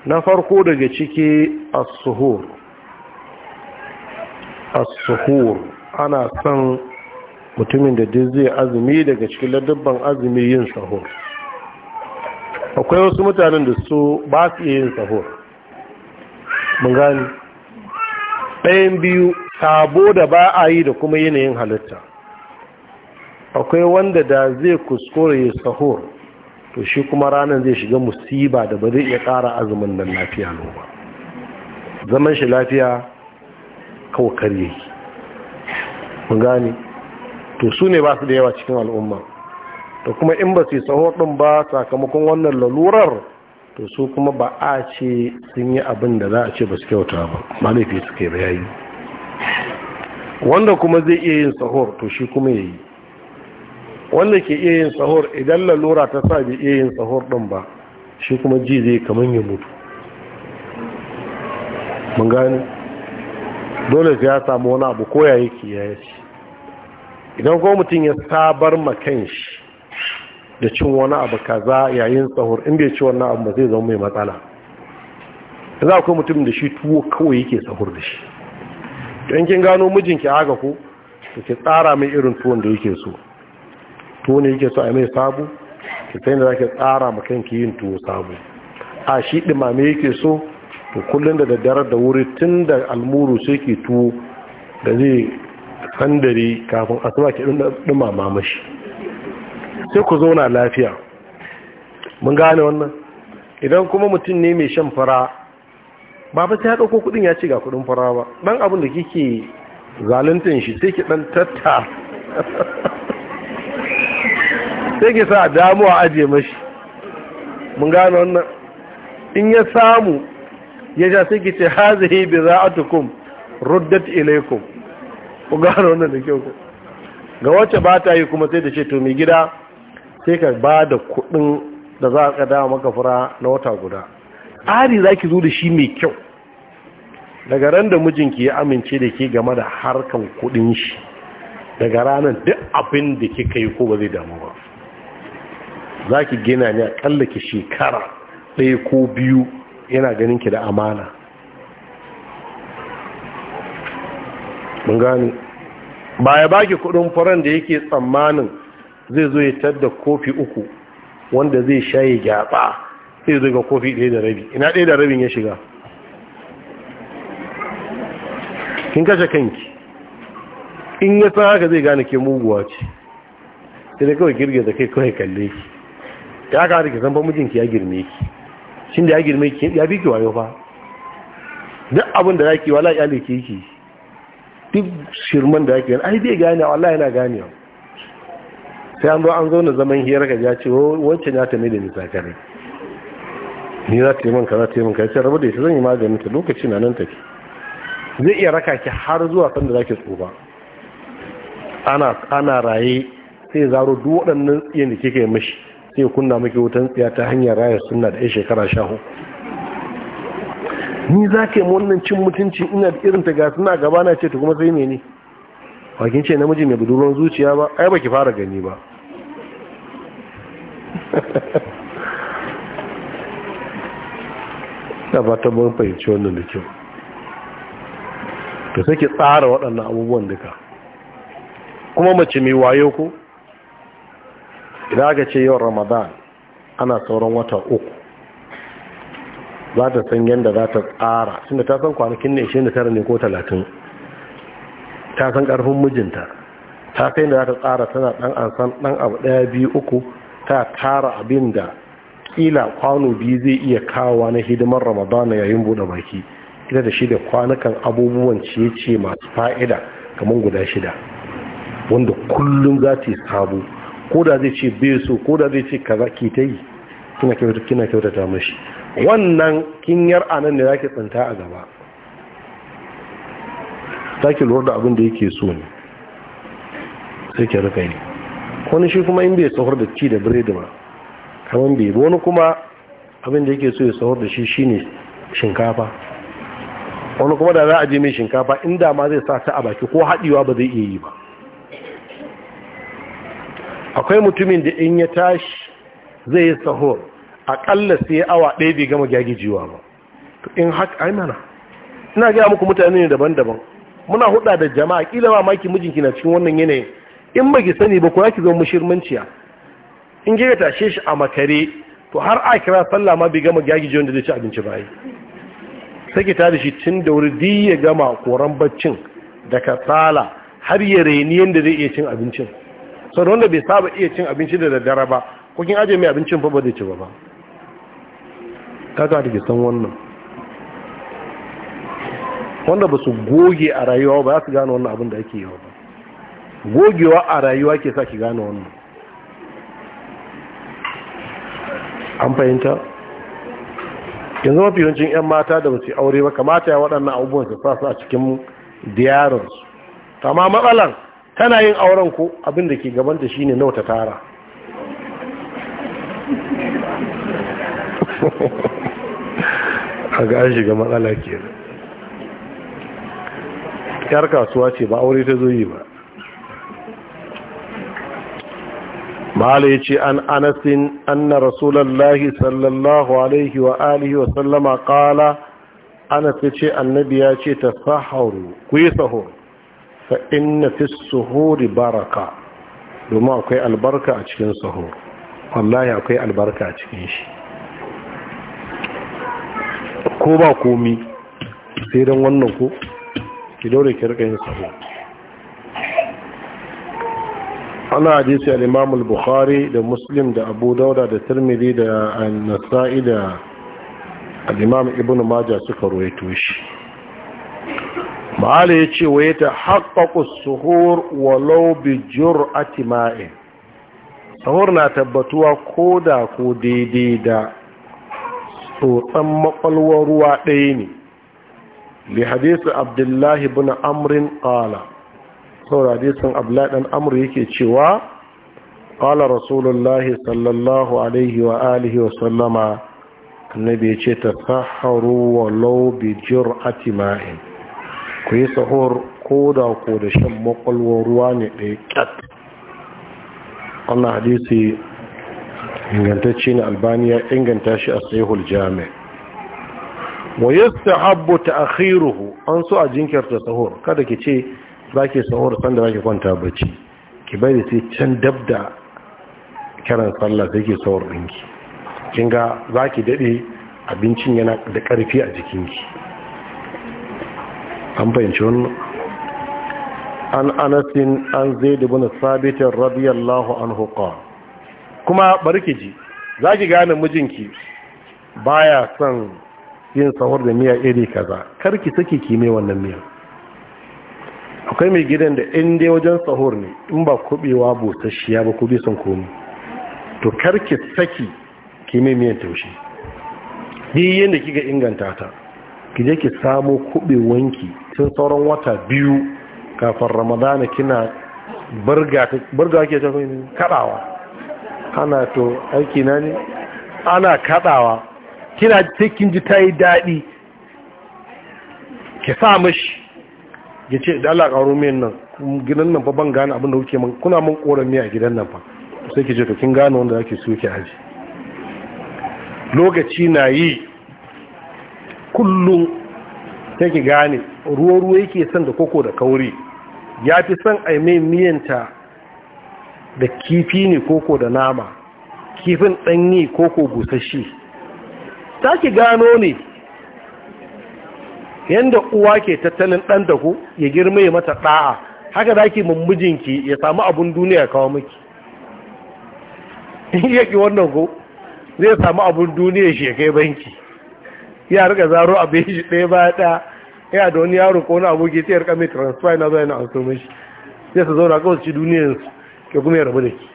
A: na farko daga ciki as-suhur as-suhur ana son mutumin da duk zai azumi daga cikin ladabban azumi yin sahur akwai wasu mutanen da su ba su yin sahur mun gani ɗayan biyu sabo da ba a yi da kuma yanayin halitta akwai wanda da zai kuskure yin sahur to shi kuma ranar zai shiga musiba da ba zai iya ƙara azumin nan lafiya ba zaman shi lafiya kawakar yake mun gane to su ne ba su da yawa cikin al'umma to kuma in ba su yi ba sakamakon wannan lalurar to su kuma ba a ce sun yi abin da za a ce ba su kyauta ba ba laifi kai bayani wanda kuma zai iya yin sahor to shi kuma ya yi wanda ke iya yin sahur idan lalura ta sa bai iya yin sahur din ba shi kuma ji zai kamar ya mutu mun gane dole ya samu wani abu koya yake ya yi idan kuma mutum ya sabar makan shi da cin wani abu kaza yayin sahur in bai ci wannan abu ba zai zama mai matsala za akwai mutum da shi tuwo kawai yake sahur da shi don kin gano mijinki haka ko ki tsara mai irin tuwon da yake so tuwo ne yake so a mai sabu ki sai da zaki tsara ma kanki yin tuwo sabu a shi ɗumame yake so to kullum da daddare da wuri tun da almuru sai ke tuwo da zai sandare kafin asuba ki ɗumama mashi sai ku zauna lafiya mun gane wannan idan kuma mutum ne mai shan fara ba fa sai ya ɗauko kuɗin ya ce ga kuɗin fara ba ɗan abin da kike zaluntin shi sai ki ɗan tatta *laughs* sai ke sa damuwa aje mashi mun gano wannan in ya samu ya ja sai ke ce hazihi bi za'atukum ruddat ilaikum ku gano wannan da kyau ku ga wacce ba ta yi kuma sai da ce to mai gida sai ka ba da kuɗin da za ka dama maka fura na wata guda ari za ki zo da shi mai kyau daga ran da mijinki ya amince da ke game da harkan kuɗin shi daga ranar duk abin da kika yi ko ba zai damu ba za ki gina ne akalla ki shekara ɗaya ko biyu yana ganin ki da amana mun gane ba ya baki kudin furen da yake tsammanin zai zo ya tadda kofi uku wanda zai sha ya gyaba sai zo ga kofi ɗaya da rabi ina ɗaya da rabin ya shiga kin kashe kanki in ya san haka zai gane ke muguwa ce sai da kawai girgiza kai kawai kalle ki ya ka rike san ba mijinki ya girme ki shin da ya girme ki ya fi ki wayo fa duk abin da zaki wala ya leke ki duk shirman da zaki ai bai gane wallahi yana gane sai an zo an zo na zaman hira ka ya ce oh, wancan ya tame da ni kare, ni za ta yi man kaza ta yi man kaza sai rabu da ita zan yi maganin ta lokaci na nan tafi zai iya raka ki har zuwa sanda zaki tsufa ana ana raye sai zaro duk waɗannan tsiyan da kike mashi sai kunna maki wutan tsiya ta hanyar raya suna da 'yan shekara sha hu ni za ka yi wannan cin mutunci ina da irin ta gasu na gaba na ce ta kuma sai mene wakin ce namiji mai budurwar zuciya ba ai ki fara gani ba ta ba ta ban fahimci wannan da kyau ta sake tsara waɗannan abubuwan duka kuma mace mai wayo ko idan aka ce yau ramadan ana sauran wata uku za ta san yadda za ta tsara da ta san kwanakin ne 29 ne ko talatin ta san karfin mijinta ta san yadda za ta tsara tana dan ansan dan abu daya biyu uku ta tara abin da kila kwano biyu zai iya kawo na hidimar Ramadan yayin bude baki ita da shi da kwanukan abubuwan ciye-ciye masu fa'ida kamar guda shida wanda kullum za ta yi sabo ko da zai ce be so ko da zai ce kaza ki ta yi kina kyautata mashi wannan kin yar anan ne zaki tsinta a gaba zaki lura da abin da yake so ne sai ki rika yi wani shi kuma in bai tsohar da ci da biredi ba kamar bai wani kuma abin da yake so ya tsohar da shi shine shinkafa wani kuma da za a je mai shinkafa inda ma zai sa ta a baki ko haɗewa ba zai iya yi ba akwai mutumin da in ya tashi zai yi sahur akalla sai awa ɗaya bai gama gyagijiwa ba in haka ai mana ina gaya muku mutane ne daban-daban muna huɗa da jama'a kila ma maki mijinki na cikin wannan yanayin in ba ki sani ba ko ki zama mushirmanciya in ga tashe shi a makare to har a kira sallah ma bai gama gyagijiwan da zai ci abinci ba sai ki tada shi tun da wuri di gama koran baccin da kasala har ya reni yadda zai iya cin abincin sau da wanda bai saba iya cin abinci da daddara ba kukin ajiye mai abincin fa ba zai ci ba ba kaka da san wannan wanda ba su goge a rayuwa ba za su gane wannan abin da ake yawa ba gogewa a rayuwa ke sa ki gane wannan an fahimta yanzu mafi yawancin 'yan mata da basu aure ba kamata ya waɗannan abubuwan su sa a cikin diyarinsu ta ma matsalan tana yin auren ko abin da ke gabanta shine nawa ta tara a ga shiga matsala ke yar kasuwa ce ba aure ta zoyi ba mahala ya ce an anasin anna Rasulallah sallallahu alaihi wa alihi wa sallama kala anasin ce annabi ya ce ta sahauru ku yi sahauru fa inna fi suhuri baraka domin akwai albarka a cikin suhur wallahi akwai albarka a cikin shi ko ba komi sai don wannan ko ki daure ki rika yin suhur ana hadisi al-imam al-bukhari da muslim da abu dauda da tirmidhi da an-nasa'i da al-imam ibn majah suka ruwaito shi ma'ala ya ce wa ya ta haƙaƙus suhur walau bi jur ma'in suhur na tabbatuwa ko da ko daidai da tsotsan makwalwar ruwa ɗaya ne bi hadisu abdullahi bin amrin ƙala sau da hadisun abdullahi ɗan amur yake cewa ƙala rasulullah sallallahu alaihi wa alihi wa sallama annabi ya ce ta saharu walau bi jur ma'in ku yi sahur ko da ko da shan makwalwar ruwa ne ɗaya ƙyat wannan hadisi ingantacce na albaniya inganta shi a sahihul jami wa ta akhiruhu an so a jinkirta sahur kada ki ce za zaki sahur sanda ki kwanta bacci ki bari sai can da kiran sallah sai ke sahur ɗinki kinga za ki daɗe abincin yana da ƙarfi a jikinki an fahimci wannan an anasin an zai da bin sabitin radiyallahu an hukwa kuma barki ji za ki gane mijinki baya son yin sahur da miya iri kaza karki saki kime wannan miya akwai mai gidan da inda wajen sahur ne in ba kubewa busasshiya ba kubi sun komi to karki saki kime miyan taushe yin yadda kika inganta ta ki je ki samo kuɓewanki tun sauran wata biyu kafin ramadana kina burga ake tafi kaɗawa ana to aiki na ne ana kaɗawa kina cikin ji ta yi daɗi ki sa mashi ya ce da Allah ƙaro min nan gidan nan fa ban gane abin da kuke man kuna mun ƙorami a gidan nan fa sai ki je to kin gane wanda zaki so ki aji lokaci na yi kullum ta ki gane ruwa-ruwa yake son da koko da kauri ya fi son a mai miyanta da kifi ne koko da nama kifin ɗanyi koko busashi ta ki gano ne yadda uwa ke tattalin ɗan da ku ya girma ya mata ɗa'a haka za ki mijinki ya samu abin duniya kawo miki *laughs* in yaki wannan ku zai samu abin duniya shi ya kai banki ya rika zaro a bai shi ɗaya baya ɗaya ya da wani yaro ko wani aboki sai ya rika mai transfer na bayan an somo shi sai su zauna kawai ci su ke kuma ya rabu da ki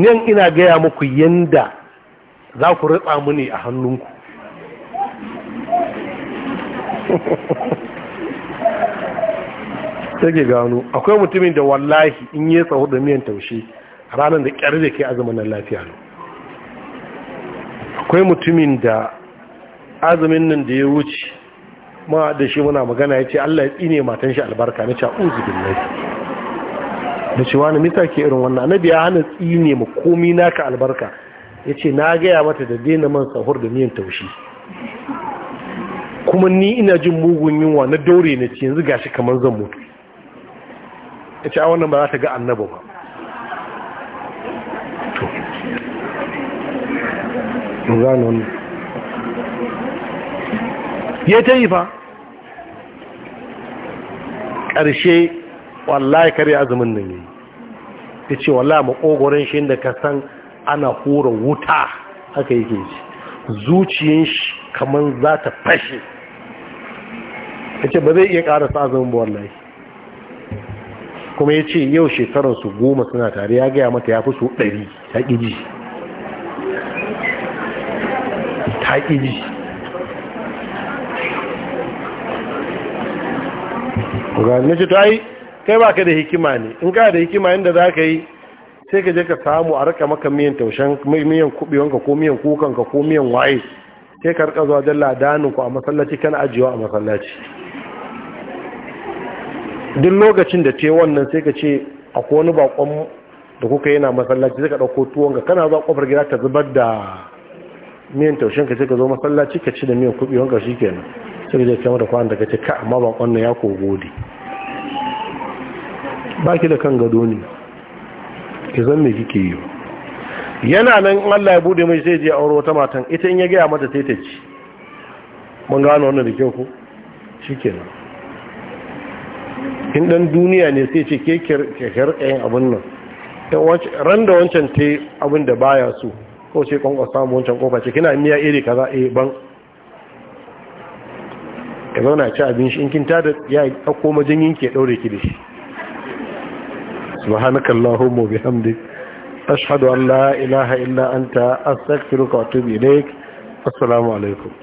A: nan ina gaya muku yanda za ku ritsa mini a hannunku
B: *laughs*
A: ke gano akwai mutumin da wallahi in yi tsawo da miyan taushe ranar da kyar da ke azumin lafiya ne akwai mutumin da azumin nan da ya wuce ma da shi muna magana ya ce Allah ya tsine matan shi albarka na ce uzu billahi da ce wani mita ke irin wannan annabi ya hana tsine ma komi naka albarka ya ce na gaya mata da daina man sahur da miyan taushi kuma ni ina jin mugun yunwa na daure na ce yanzu gashi kamar zan mutu ya ce a wannan ba za ta ga annaba ba gano wannan fa ƙarshe wallahi kare azumin nan yi ta ce wallahi makogoron shi inda ka san ana hura wuta haka yake shi zuciyin shi kamar za ta fashe ta ce ba zai iya ƙarasa azumin ba wallahi kuma ya ce yau shekararsu goma suna tare ya gaya mata ya fi so ɗari ta ƙiji ta ƙiji na ce ta yi kai ba ka da hikima ne in ka da hikima inda za ka yi sai ka je ka samu a raka maka miyan taushen miyan kubewanka ko miyan kukanka ko miyan waye sai ka raka zuwa don ladaninku a masallaci kana ajiyewa a masallaci duk lokacin da ce wannan sai ka ce a wani bakon da kuka yana masallaci sai ka ɗauko tuwon ka kana zuwa kofar gida ta zubar da miyan taushen ka sai ka zo masallaci ka ci da miyan kuɗi wanka shi kenan sai ka je kama da kwanan da ka ce ka amma ba kwanan ya ko gode ba ki da kan gado ne ki zan me kike yi yana nan Allah ya bude mai sai je auro wata matan ita in ya gaya mata sai ta ci mun gano wannan da kyau ko shikenan in dan duniya ne sai ce ke kyar kayan abun nan ran da wancan ta abin da baya so ko sai kwanwa samu wancan kofa ce kina miya iri kaza eh ban Ka zauna ci abin shi in kin tada ya ɗauko majinyin ke ɗaure ki da shi subhanaka allahumma bi bihamdik ashhadu an la ilaha illa anta astaghfiruka wa atubu ilaik assalamu alaikum